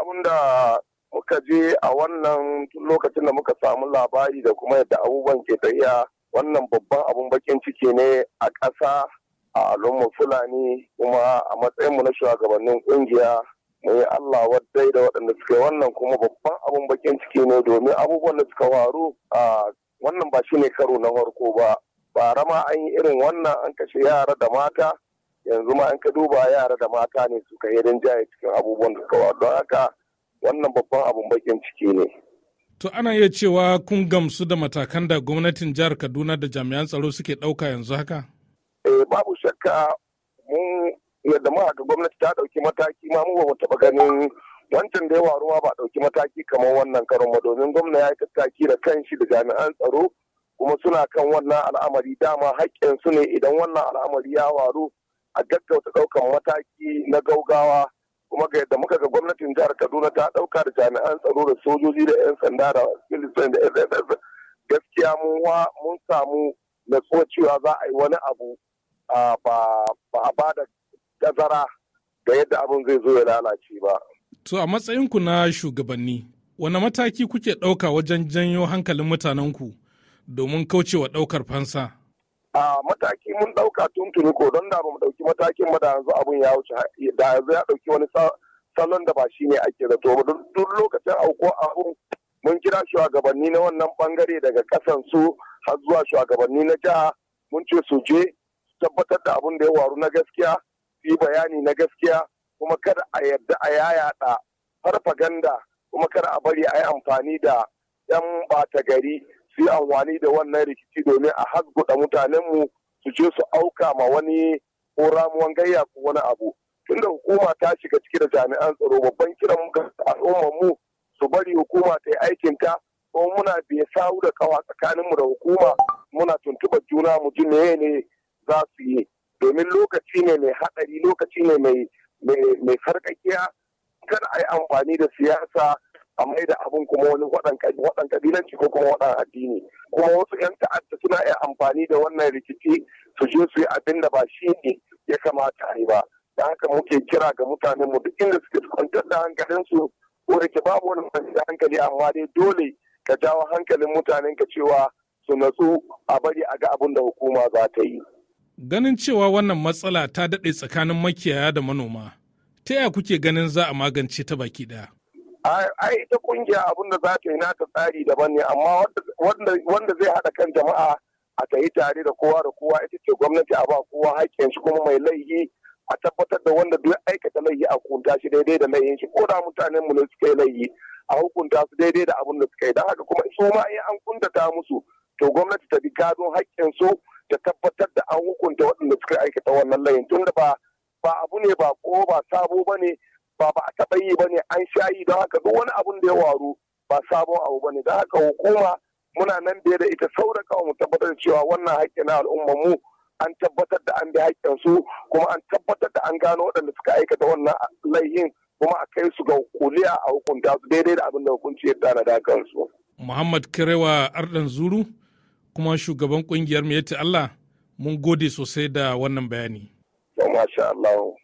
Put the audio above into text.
abin da muka je a wannan lokacin da muka samu labari da kuma yadda abubuwan ke tafiya wannan babban abun bakin ciki ne a ƙasa a al'umma fulani kuma a matsayinmu na shugabannin ƙungiya mu yi Allah waddai da waɗanda suka yi wannan kuma babban abun bakin ciki ne domin abubuwan da suka faru a wannan ba shi ne karo na farko ba bara ma an yi irin wannan an kashe yara da mata yanzu ma an ka duba yara da mata ne suka yi jaya cikin abubuwan da suka don haka wannan babban abun bakin ciki ne. To ana iya cewa kun gamsu da matakan da gwamnatin jihar Kaduna da jami'an tsaro suke ɗauka yanzu haka? Eh babu shakka mun yadda ma haka gwamnati ta ɗauki mataki ma mu ba mu taɓa ganin wancan da yawa ruwa ba ɗauki mataki kamar wannan karon ma domin gwamna ya yi tattaki da kanshi da jami'an tsaro kuma suna kan wannan al'amari dama haƙƙin su ne idan wannan al'amari ya waru a gaggauta ɗaukan mataki na gaugawa kuma ga yadda muka ga gwamnatin jihar kaduna ta ɗauka da jami'an tsaro da sojoji da 'yan sanda da filistin da sss gaskiya mun mun samu natsuwa cewa za a yi wani abu ba a ba da gazara ga yadda abin zai zo ya lalace ba. To a matsayinku na shugabanni, wani mataki kuke ɗauka wajen janyo hankalin mutanen ku domin kaucewa ɗaukar fansa? a mataki mun ɗauka tuntuni ko don da ba mu ɗauki matakin ba da yanzu abun ya wuce da yanzu ya ɗauki wani salon da ba shi ne ake zato ba duk lokacin auko abun mun kira shugabanni na wannan bangare daga kasan su har zuwa shugabanni na jiha mun ce su je su tabbatar da abun da ya waru na gaskiya yi bayani na gaskiya kuma kada a yadda a yayata farfaganda kuma kada a bari a yi amfani da 'yan bata gari yi amfani da wannan rikici domin a hasguda mutanenmu su je su auka ma wani ko ramuwan gayya ko wani abu tunda hukuma ta shiga ciki da jami'an tsaro babban kiran ga al'ummar mu su bari hukuma ta yi aikin ta ko muna biye sawu da kawa tsakanin mu da hukuma muna tuntuɓar juna mu ji meye ne za su yi domin lokaci ne mai haɗari lokaci ne mai mai sarkakiya kada a amfani da siyasa a mai da abin kuma wani waɗan kabilanci ko kuma waɗan addini kuma wasu 'yan ta'adda suna iya amfani da wannan rikici su je su yi abin da ba shi ne ya kamata a yi ba da haka muke kira ga mutanen mu duk inda suke kwantar da hankalin su ko da ke babu wani da hankali amma dai dole ka jawo hankalin mutanen ka cewa su natsu a bari a ga abin da hukuma za ta yi. Ganin cewa wannan matsala ta daɗe tsakanin makiyaya da manoma, ta yaya kuke ganin za a magance ta baki ɗaya? ai ita kungiya abin da za ta yi nata tsari daban ne amma wanda zai haɗa kan jama'a a ta yi tare da kowa da kowa ita ce gwamnati a ba kowa haƙƙin shi kuma mai laihi a tabbatar da wanda duk aikata laihi a hukunta shi daidai da laihin shi ko da mutanen mu ne suka yi laihi a hukunta su daidai da abin da suka yi don haka kuma su ma in an kuntata musu to gwamnati ta bi gadon haƙƙin su ta tabbatar da an hukunta waɗanda suka aikata wannan laihin tun da ba ba abu ne ba ko ba sabo ba ne ba ba a taɓa yi ba ne an sha yi don haka duk wani abun da ya waru ba sabon abu ba ne don haka hukuma muna nan da da ita sauraka mu tabbatar da cewa wannan haƙƙi na al'ummar mu an tabbatar da an bi haƙƙin su kuma an tabbatar da an gano waɗanda suka aikata wannan laihin kuma a kai su ga kuliya a hukunta su daidai da abin da hukunci ya da kansu. Muhammad Kirewa Ardan Zuru kuma shugaban kungiyar Miyatta Allah mun gode sosai da wannan bayani. Masha Allah.